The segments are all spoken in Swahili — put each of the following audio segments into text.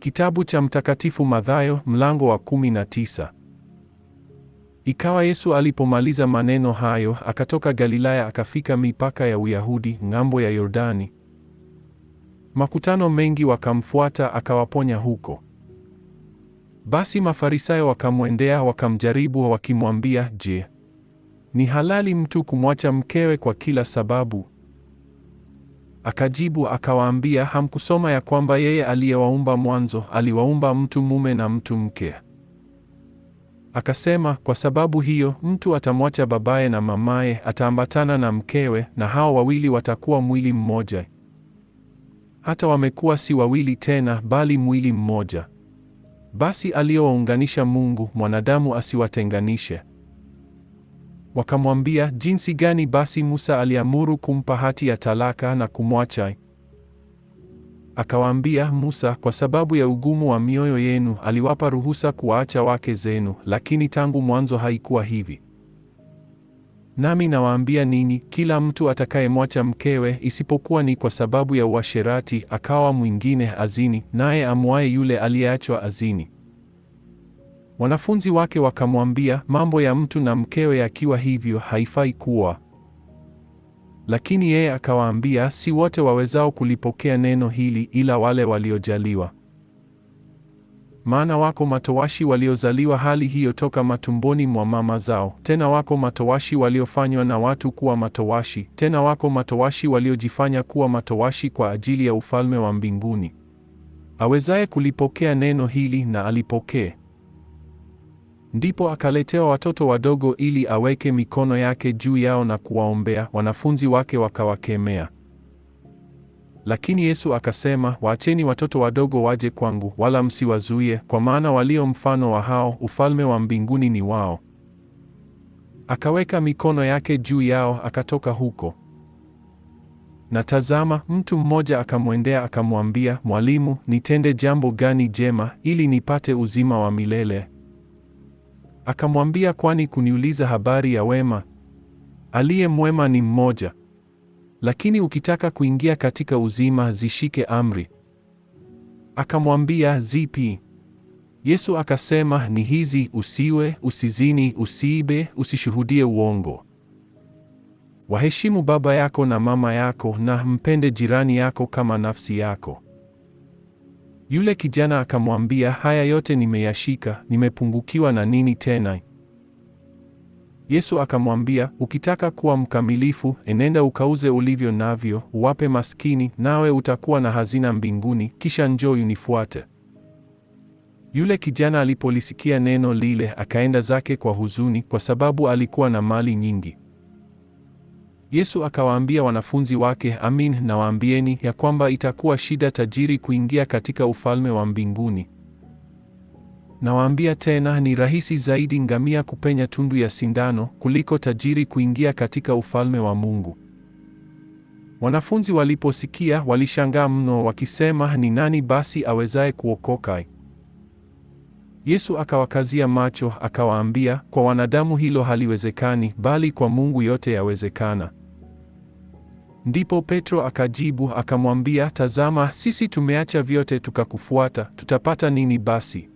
Kitabu cha Mtakatifu Mathayo mlango wa 19. Ikawa Yesu alipomaliza maneno hayo, akatoka Galilaya akafika mipaka ya Uyahudi ng'ambo ya Yordani. Makutano mengi wakamfuata akawaponya huko. Basi Mafarisayo wakamwendea wakamjaribu wakimwambia, "Je, ni halali mtu kumwacha mkewe kwa kila sababu?" Akajibu akawaambia, hamkusoma ya kwamba yeye aliyewaumba mwanzo aliwaumba mtu mume na mtu mke? Akasema, kwa sababu hiyo mtu atamwacha babaye na mamaye, ataambatana na mkewe, na hao wawili watakuwa mwili mmoja. Hata wamekuwa si wawili tena, bali mwili mmoja. Basi aliyowaunganisha Mungu, mwanadamu asiwatenganishe. Wakamwambia, jinsi gani basi Musa aliamuru kumpa hati ya talaka na kumwacha? Akawaambia Musa, kwa sababu ya ugumu wa mioyo yenu aliwapa ruhusa kuwaacha wake zenu, lakini tangu mwanzo haikuwa hivi. Nami nawaambia ninyi, kila mtu atakayemwacha mkewe, isipokuwa ni kwa sababu ya uasherati, akawa mwingine azini, naye amwaye yule aliyeachwa azini. Wanafunzi wake wakamwambia, mambo ya mtu na mkewe yakiwa hivyo haifai kuwa. Lakini yeye akawaambia, si wote wawezao kulipokea neno hili, ila wale waliojaliwa. Maana wako matowashi waliozaliwa hali hiyo toka matumboni mwa mama zao, tena wako matowashi waliofanywa na watu kuwa matowashi, tena wako matowashi waliojifanya kuwa matowashi kwa ajili ya ufalme wa mbinguni. Awezaye kulipokea neno hili na alipokee. Ndipo akaletewa watoto wadogo ili aweke mikono yake juu yao na kuwaombea. Wanafunzi wake wakawakemea, lakini Yesu akasema, waacheni watoto wadogo waje kwangu, wala msiwazuie, kwa maana walio mfano wa hao, ufalme wa mbinguni ni wao. Akaweka mikono yake juu yao, akatoka huko. Na tazama, mtu mmoja akamwendea akamwambia, Mwalimu, nitende jambo gani jema ili nipate uzima wa milele? Akamwambia, kwani kuniuliza habari ya wema? Aliye mwema ni mmoja. Lakini ukitaka kuingia katika uzima, zishike amri. Akamwambia, zipi? Yesu akasema, ni hizi: usiwe, usizini, usiibe, usishuhudie uongo, waheshimu baba yako na mama yako, na mpende jirani yako kama nafsi yako. Yule kijana akamwambia, haya yote nimeyashika, nimepungukiwa na nini tena? Yesu akamwambia, ukitaka kuwa mkamilifu, enenda ukauze ulivyo navyo, uwape maskini, nawe utakuwa na hazina mbinguni, kisha njoo unifuate. Yule kijana alipolisikia neno lile, akaenda zake kwa huzuni, kwa sababu alikuwa na mali nyingi. Yesu akawaambia wanafunzi wake, amin nawaambieni ya kwamba itakuwa shida tajiri kuingia katika ufalme wa mbinguni. Nawaambia tena, ni rahisi zaidi ngamia kupenya tundu ya sindano kuliko tajiri kuingia katika ufalme wa Mungu. Wanafunzi waliposikia walishangaa mno, wakisema, ni nani basi awezaye kuokoka? Yesu akawakazia macho, akawaambia, kwa wanadamu hilo haliwezekani, bali kwa Mungu yote yawezekana. Ndipo Petro akajibu akamwambia, tazama, sisi tumeacha vyote tukakufuata, tutapata nini basi?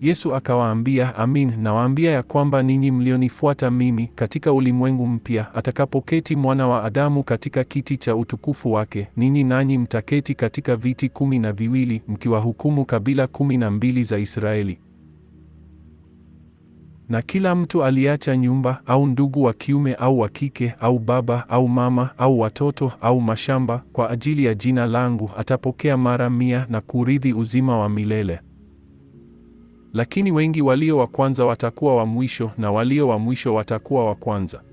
Yesu akawaambia, amin, nawaambia ya kwamba ninyi mlionifuata mimi katika ulimwengu mpya, atakapoketi mwana wa Adamu katika kiti cha utukufu wake, ninyi nanyi mtaketi katika viti kumi na viwili, mkiwahukumu kabila kumi na mbili za Israeli na kila mtu aliacha nyumba au ndugu wa kiume au wa kike au baba au mama au watoto au mashamba kwa ajili ya jina langu atapokea mara mia na kurithi uzima wa milele. Lakini wengi walio wa kwanza watakuwa wa mwisho na walio wa mwisho watakuwa wa kwanza.